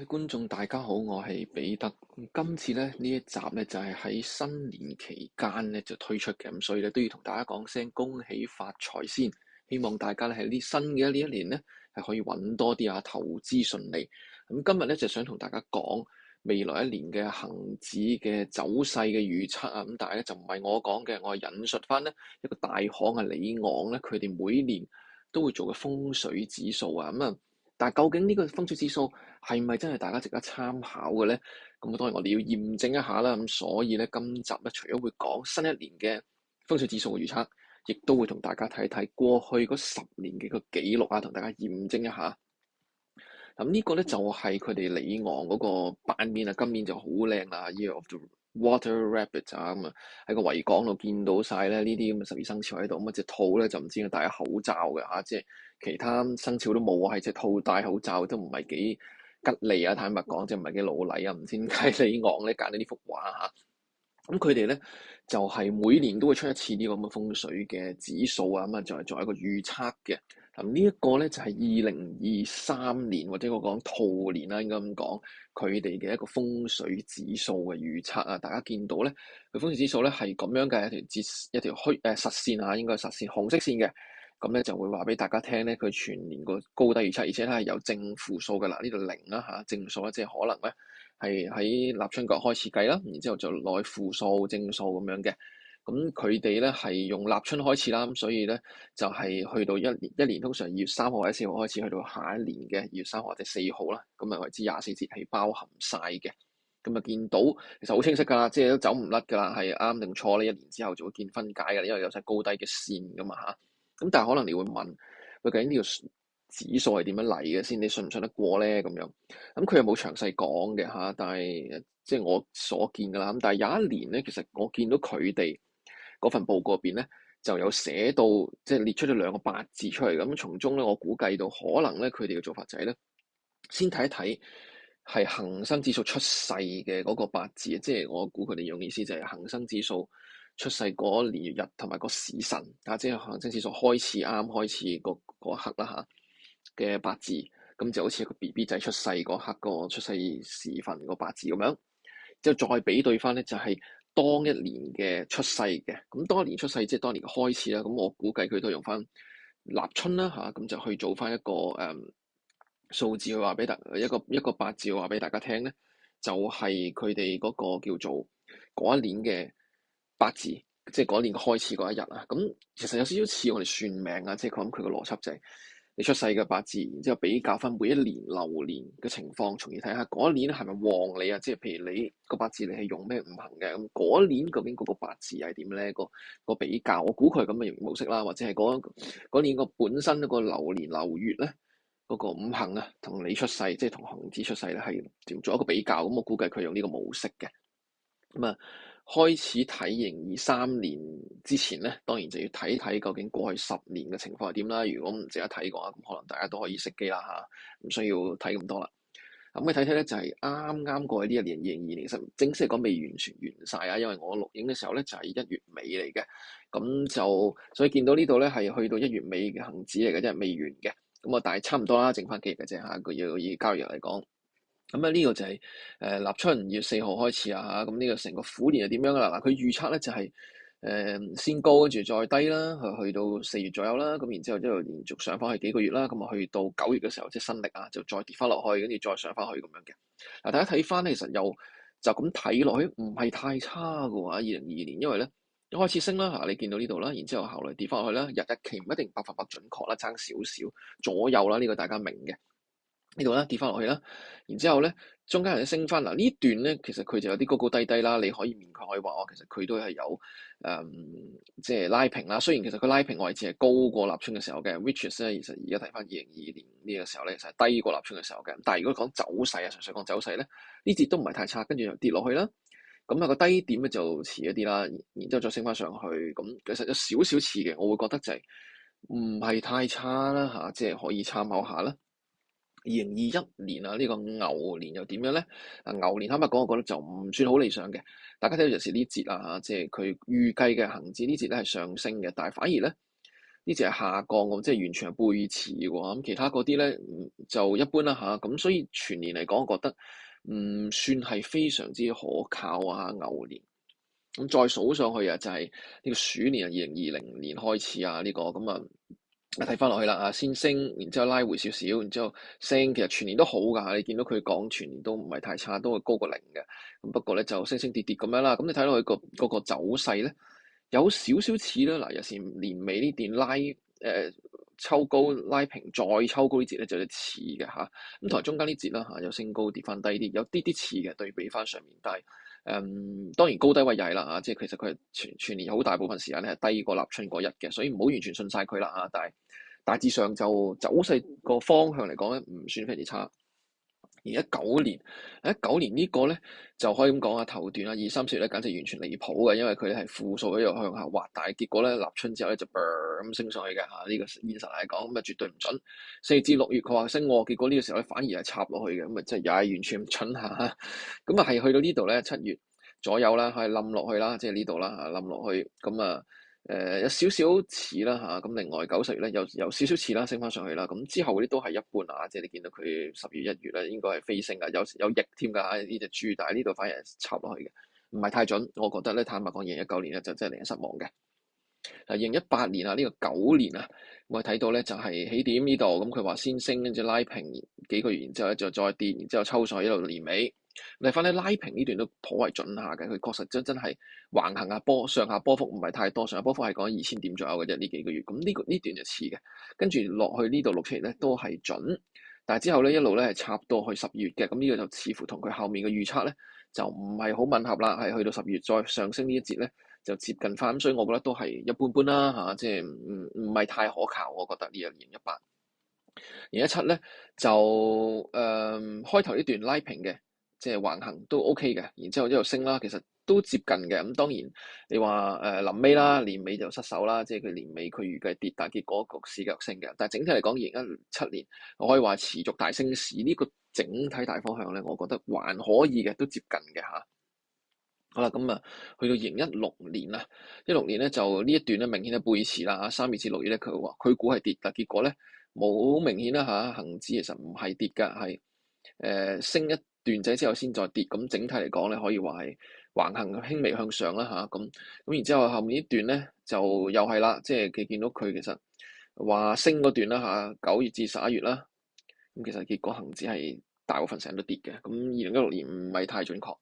各位觀眾，大家好，我係彼得。今次咧呢一集咧就係、是、喺新年期間咧就推出嘅，咁所以咧都要同大家講聲恭喜發財先，希望大家咧喺呢新嘅呢一年咧係可以揾多啲啊，投資順利。咁、嗯、今日咧就想同大家講未來一年嘅恒指嘅走勢嘅預測啊，咁、嗯、但係咧就唔係我講嘅，我係引述翻咧一個大行嘅里昂咧佢哋每年都會做嘅風水指數啊，咁、嗯、啊。嗯但究竟呢個風水指數係咪真係大家值得參考嘅咧？咁當然我哋要驗證一下啦。咁所以呢，今集除咗會講新一年嘅風水指數嘅預測，亦都會同大家睇睇過去嗰十年嘅個記錄啊，同大家驗證一下。咁呢、這個呢，就係佢哋里昂嗰個版面啊，今年就好靚啦，Year of the Water rabbit 啊、嗯、咁啊，喺個維港度見到晒咧呢啲咁嘅十二生肖喺度，咁啊隻兔咧就唔知佢戴口罩嘅吓、啊，即係其他生肖都冇啊，係隻兔戴口罩都唔係幾吉利啊！坦白講，即係唔係幾老禮啊，唔知點解，里昂咧揀到呢幅畫吓，咁佢哋咧就係、是、每年都會出一次呢個咁嘅風水嘅指數啊，咁、嗯、啊就係、是、作為一個預測嘅。咁呢一個咧就係二零二三年或者我講兔年啦，應該咁講，佢哋嘅一個風水指數嘅預測啊，大家見到咧，佢風水指數咧係咁樣嘅一條折一條虛誒實線啊，應該係實線，紅色線嘅，咁咧就會話俾大家聽咧，佢全年個高低預測，而且咧係有正負數嘅啦，呢度零啦嚇，正數咧，即係可能咧係喺立春角開始計啦，然之後就攞去負數正數咁樣嘅。咁佢哋咧係用立春開始啦，咁所以咧就係去到一年，一年通常二月三號或者四號開始，去到下一年嘅二月三號或者四號啦，咁啊為之廿四節係包含晒嘅。咁啊見到其實好清晰㗎啦，即係都走唔甩㗎啦，係啱定錯咧？一年之後就會見分解㗎，因為有晒高低嘅線㗎嘛嚇。咁但係可能你會問，究竟呢條指數係點樣嚟嘅先？你信唔信得過咧？咁樣咁佢又冇詳細講嘅嚇，但係即係我所見㗎啦。咁但係有一年咧，其實我見到佢哋。嗰份報告嗰邊咧就有寫到，即係列出咗兩個八字出嚟。咁從中咧，我估計到可能咧，佢哋嘅做法就係咧，先睇一睇係恒生指數出世嘅嗰個八字，即係我估佢哋用意思就係恒生指數出世嗰年月日同埋個時辰，啊，即係恒生指數開始啱啱開始嗰嗰刻啦嚇嘅八字。咁就好似一個 B B 仔出世嗰刻個出世時份個八字咁樣，之後再比對翻咧就係。當一年嘅出世嘅，咁當一年出世即係當年嘅開始啦。咁我估計佢都用翻立春啦，嚇、啊、咁就去做翻一個誒、嗯、數字去話俾大一個一個八字話俾大家聽咧，就係佢哋嗰個叫做嗰一年嘅八字，即係嗰一年嘅開始嗰一日啊。咁其實有少少似我哋算命啊，即係諗佢個邏輯就係、是。你出世嘅八字，然之後比較翻每一年流年嘅情況，從而睇下嗰一年係咪旺你啊？即係譬如你，八你那那那那個八字你係用咩五行嘅咁，嗰一年究竟嗰個八字係點咧？個、嗰個比較，我估佢係咁嘅模式啦，或者係嗰年個本身個流年流月咧，嗰、嗰個五行啊，同你出世，即係同行子出世咧，係點做一個比較。咁我估計佢用呢個模式嘅咁啊。開始睇型二三年之前咧，當然就要睇睇究竟過去十年嘅情況係點啦。如果唔值得睇嘅話，咁可能大家都可以識機啦吓，唔需要睇咁多啦。咁你睇睇咧，就係啱啱過去呢一年二零二零，其實正式嚟講未完全完晒啊，因為我錄影嘅時候咧就係、是、一月尾嚟嘅，咁就所以見到呢度咧係去到一月尾嘅恆指嚟嘅啫，未完嘅。咁啊，但係差唔多啦，剩翻幾日嘅啫下，一個要以交易嚟講。咁啊，呢個就係誒立春二月四號開始啊嚇，咁呢個成個虎年係點樣啦？嗱，佢預測咧就係誒先高跟住再低啦，去到四月左右啦，咁然之後之後連續上翻去幾個月啦，咁啊去到九月嘅時候即係新歷啊，就再跌翻落去，跟住再上翻去咁樣嘅。嗱，大家睇翻咧，其實又就咁睇落去唔係太差嘅話，二零二二年，因為咧一開始升啦嚇，你見到呢度啦，然之後後嚟跌翻落去啦，日日期唔一定百分百準確啦，爭少少左右啦，呢個大家明嘅。呢度咧跌翻落去啦，然之後咧中間人升翻，嗱呢段咧，其實佢就有啲高高低低啦，你可以勉強可以話哦，其實佢都係有誒、嗯、即係拉平啦。雖然其實佢拉平位置係高過立春嘅時候嘅，which is 咧其實而家睇翻二零二二年呢個時候咧，其實係低過立春嘅時候嘅。但係如果講走勢啊，純粹講走勢咧，呢節都唔係太差，跟住又跌落去啦。咁啊個低點咧就遲一啲啦，然之後再升翻上去，咁其實有少少似嘅，我會覺得就係唔係太差啦嚇、啊，即係可以參考下啦。二零二一年啊，呢、這個牛年又點樣咧？啊，牛年坦白講，我覺得就唔算好理想嘅。大家睇到日前呢節啊，即係佢預計嘅恒指呢節咧係上升嘅，但係反而咧呢節係下降，即係完全係背馳喎。咁其他嗰啲咧就一般啦嚇。咁所以全年嚟講，我覺得唔算係非常之可靠啊。牛年咁再數上去啊，就係、是、呢個鼠年啊，二零二零年開始啊，呢、這個咁啊。嗯睇翻落去啦，啊，先升，然之後拉回少少，然之後升。其實全年都好噶，你見到佢講全年都唔係太差，都係高過零嘅。咁不過咧就升升跌跌咁樣啦。咁你睇落去個嗰、嗰個走勢咧，有少少似啦。嗱，有時年尾呢段拉誒、呃、抽高拉平再抽高節呢節咧就有似嘅嚇。咁同埋中間呢節啦嚇，又升高跌翻低啲，有啲啲似嘅對比翻上面，低。誒，um, 當然高低位曳係啦嚇，即係其實佢全全年好大部分時間咧係低過立春嗰日嘅，所以唔好完全信晒佢啦嚇。但係大致上就走勢個方向嚟講咧，唔算非常之差。而一九年，一九年呢個咧就可以咁講啊，頭段啊二三四月咧簡直完全離譜嘅，因為佢係負數喺度向下滑，但係結果咧立春之後咧就咁升上去嘅嚇，呢個現實嚟講，咁啊絕對唔準。四至六月佢話升，結果呢個時候咧反而係插落去嘅，咁啊真係又係完全唔準嚇。咁啊係去到呢度咧，七月左右啦，係冧落去啦，即係呢度啦嚇，冧落去。咁啊誒有少少似啦嚇，咁另外九十月咧有有少少似啦，升翻上去啦。咁之後嗰啲都係一半啊，即係你見到佢十月、一月咧應該係飛升噶，有有翼添噶呢隻豬，但係呢度反而係插落去嘅，唔係太準。我覺得咧坦白講，二零一九年咧就真係令人失望嘅。啊，二零一八年啊，呢、這個九年啊，我哋睇到咧就係、是、起點呢度，咁佢話先升，跟住拉平幾個月，然之後咧就再跌，然之後抽水一路年尾。睇翻咧拉平呢段都頗為準下嘅，佢確實真真係橫行下波，上下波幅唔係太多，上下波幅係講二千點左右嘅啫呢幾個月。咁呢個呢段就似嘅，跟住落去呢度六七月咧都係準，但係之後咧一路咧係插到去十月嘅，咁、這、呢個就似乎同佢後面嘅預測咧就唔係好吻合啦，係去到十月再上升呢一節咧。就接近翻，所以我覺得都係一般般啦吓、啊，即係唔唔係太可靠，我覺得呢一年一般，而一七咧就誒開頭呢段拉平嘅，即係橫行都 OK 嘅，然之後一路升啦，其實都接近嘅。咁、嗯、當然你話誒臨尾啦，年尾就失手啦，即係佢年尾佢預計跌，但係結果股市卻升嘅。但係整體嚟講，二零一七年我可以話持續大升市呢、這個整體大方向咧，我覺得還可以嘅，都接近嘅吓。啊好啦，咁啊，去到二零一六年啊，一六年咧就呢一段咧明顯係背馳啦，嚇三月至六月咧，佢話佢估係跌，但結果咧冇明顯啦，嚇恒指其實唔係跌㗎，係誒升一段仔之後先再跌。咁整體嚟講咧，可以話係橫行輕微向上啦，嚇咁咁。然之後後面呢段咧就又係啦，即係佢見到佢其實話升嗰段啦，嚇九月至十一月啦，咁其實結果恒指係大部分成日都跌嘅。咁二零一六年唔係太準確。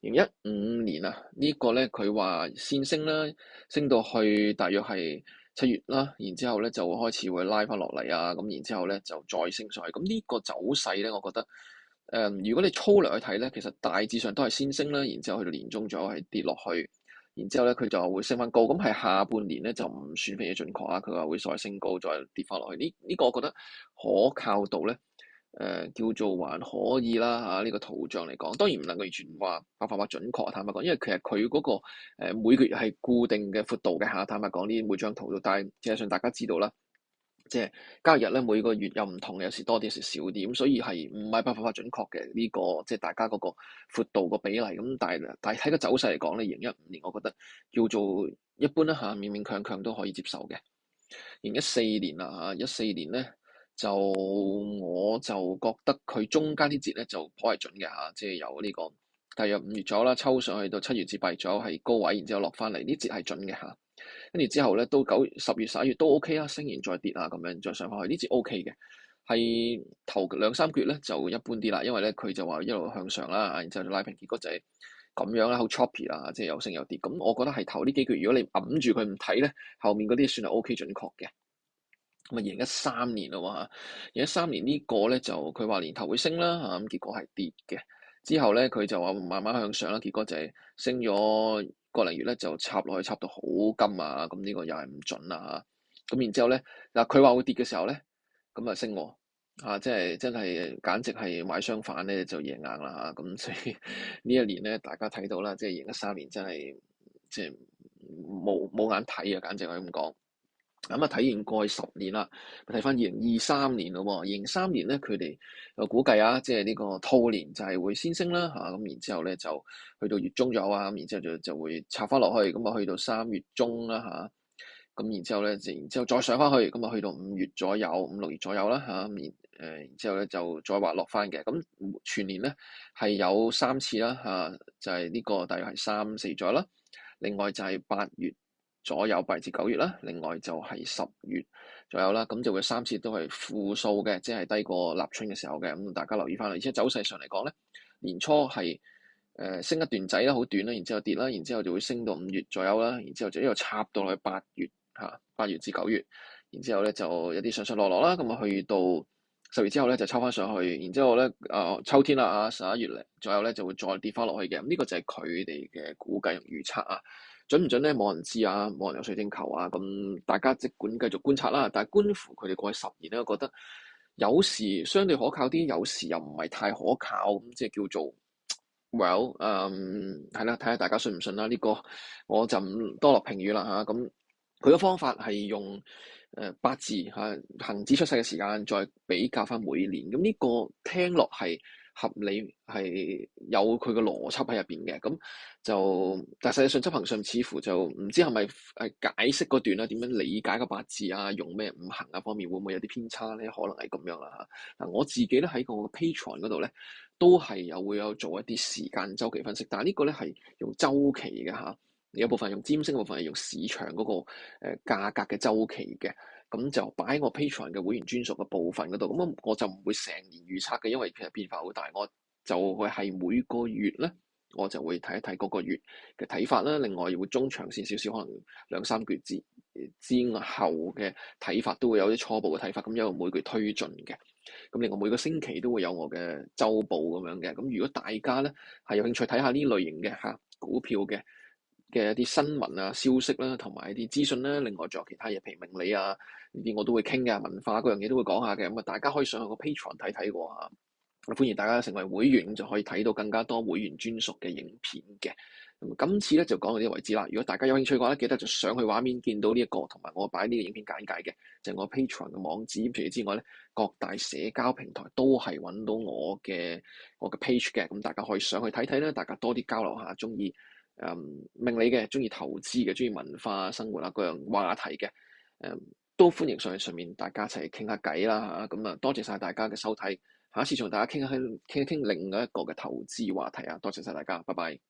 零一五年啊，這個、呢個咧佢話先升啦，升到去大約係七月啦，然之後咧就會開始會拉翻落嚟啊，咁然之後咧就再升上去。咁、這、呢個走勢咧，我覺得誒、呃，如果你粗略去睇咧，其實大致上都係先升啦，然之後去到年中左右係跌落去，然之後咧佢就會升翻高。咁係下半年咧就唔算非常準確啊，佢話會再升高再跌翻落去。呢、這、呢個我覺得可靠度咧。誒、呃、叫做還可以啦嚇，呢、啊這個圖像嚟講，當然唔能夠完全話百分百準確。坦白講，因為其實佢嗰、那個、呃、每個月係固定嘅闊度嘅嚇。坦白講，呢每張圖都，即係相信大家知道啦，即係交易日咧每個月有唔同嘅，有時多啲，有時少啲，咁所以係唔係百分百準確嘅呢個即係大家嗰個闊度個比例咁。但係但係喺個走勢嚟講咧，二零一五年我覺得叫做一般啦嚇，勉勉強強都可以接受嘅。二零一四年啦嚇，一、啊、四年咧。就我就覺得佢中間啲節咧就頗係準嘅嚇，即係有呢、呢個大約五月左右啦，抽上去到七月至八月左右係高位，然之後落翻嚟，呢節係準嘅嚇。跟住之後咧，到九月十月十一月都 OK 啦，升完再跌啊，咁樣再上翻去，呢節 OK 嘅。係頭兩三月咧就一般啲啦，因為咧佢就話一路向上啦，然之後就拉平，結果就係咁樣啦，好 choppy 啦，即係有升有跌。咁、嗯、我覺得係頭呢幾月，如果你揞住佢唔睇咧，後面嗰啲算係 OK 準確嘅。咁啊，二零一三年啦嘛，二零一三年呢個咧就佢話年頭會升啦嚇，咁結果係跌嘅。之後咧佢就話慢慢向上啦，結果就係升咗個零月咧就插落去插到好金、這個、啊，咁呢個又係唔準啦嚇。咁然之後咧嗱，佢話會跌嘅時候咧，咁啊升喎嚇，即係真係簡直係買相反咧就贏硬啦嚇。咁、啊、所以呢一年咧大家睇到啦，即係二零一三年真係即係冇冇眼睇啊，簡直可以咁講。咁啊，體驗過去十年啦，睇翻二零二三年咯喎，二三年咧佢哋又估計啊，即係呢個兔年就係會先升啦嚇，咁然之後咧就去到月中咗啊，咁然之後就就會插翻落去，咁啊去到三月中啦嚇，咁然之後咧，然之後再上翻去，咁啊去到五月左右、五六月左右啦嚇，咁然誒然之後咧就再滑落翻嘅，咁全年咧係有三次啦嚇，就係呢個大約係三四咗啦，另外就係八月。左右八至九月啦，另外就係十月左右啦，咁就會三次都係負數嘅，即係低過立春嘅時候嘅，咁大家留意翻啦。而且走勢上嚟講咧，年初係誒、呃、升一段仔啦，好短啦，然之後跌啦，然之後就會升到五月左右啦，然之後就一路插到去八月嚇，八月至九月，然之後咧就有啲上上落落啦，咁啊去到十月之後咧就抽翻上去，然之後咧啊、呃、秋天啦嚇，十一月咧左右咧就會再跌翻落去嘅，呢、這個就係佢哋嘅估計預測啊。準唔準咧？冇人知啊，冇人有水晶球啊！咁大家即管繼續觀察啦。但係觀乎佢哋過去十年咧，我覺得有時相對可靠啲，有時又唔係太可靠。咁即係叫做 Well，嗯係啦，睇下大家信唔信啦。呢、這個我就唔多落評語啦吓，咁佢嘅方法係用誒八字嚇、啊、恆指出世嘅時間，再比較翻每年。咁、嗯、呢、這個聽落係，合理係有佢個邏輯喺入邊嘅，咁就但實際上執行上似乎就唔知係咪係解釋嗰段啦，點樣理解個八字啊，用咩五行啊方面會唔會有啲偏差咧？可能係咁樣啦、啊、嚇。嗱、啊，我自己咧喺個 Patreon 嗰度咧，都係有會有做一啲時間週期分析，但係呢個咧係用週期嘅嚇。啊有部分用占星，部分係用市場嗰個誒價格嘅周期嘅，咁就擺喺我 Patreon 嘅會員專屬嘅部分嗰度。咁我我就唔會成年預測嘅，因為其實變化好大。我就會係每個月咧，我就會睇一睇嗰個月嘅睇法啦。另外會中長線少少，可能兩三個月之之後嘅睇法都會有啲初步嘅睇法。咁一路每個月推進嘅咁，另外每個星期都會有我嘅周報咁樣嘅。咁如果大家咧係有興趣睇下呢類型嘅嚇、啊、股票嘅。嘅一啲新聞啊、消息啦、啊，同埋一啲資訊啦、啊，另外仲有其他嘢譬如命理啊，呢啲我都會傾嘅，文化嗰、啊、樣嘢都會講下嘅。咁啊，大家可以上去個 Patreon 睇睇過啊，歡迎大家成為會員，就可以睇到更加多會員專屬嘅影片嘅。咁今次咧就講到呢度為止啦。如果大家有興趣嘅話咧，記得就上去畫面見到呢、這、一個，同埋我擺呢個影片簡介嘅，就係、我 Patreon 嘅網址。除此之外咧，各大社交平台都係揾到我嘅我嘅 page 嘅，咁大家可以上去睇睇啦。大家多啲交流下，中意，誒、嗯，命理嘅，鍾意投資嘅，鍾意文化生活啊各樣話題嘅，誒、嗯，都歡迎上上面大家一齊傾下偈啦吓，咁啊多謝晒大家嘅收睇，下次同大家傾下傾傾另外一個嘅投資話題啊，多謝晒大家，拜拜。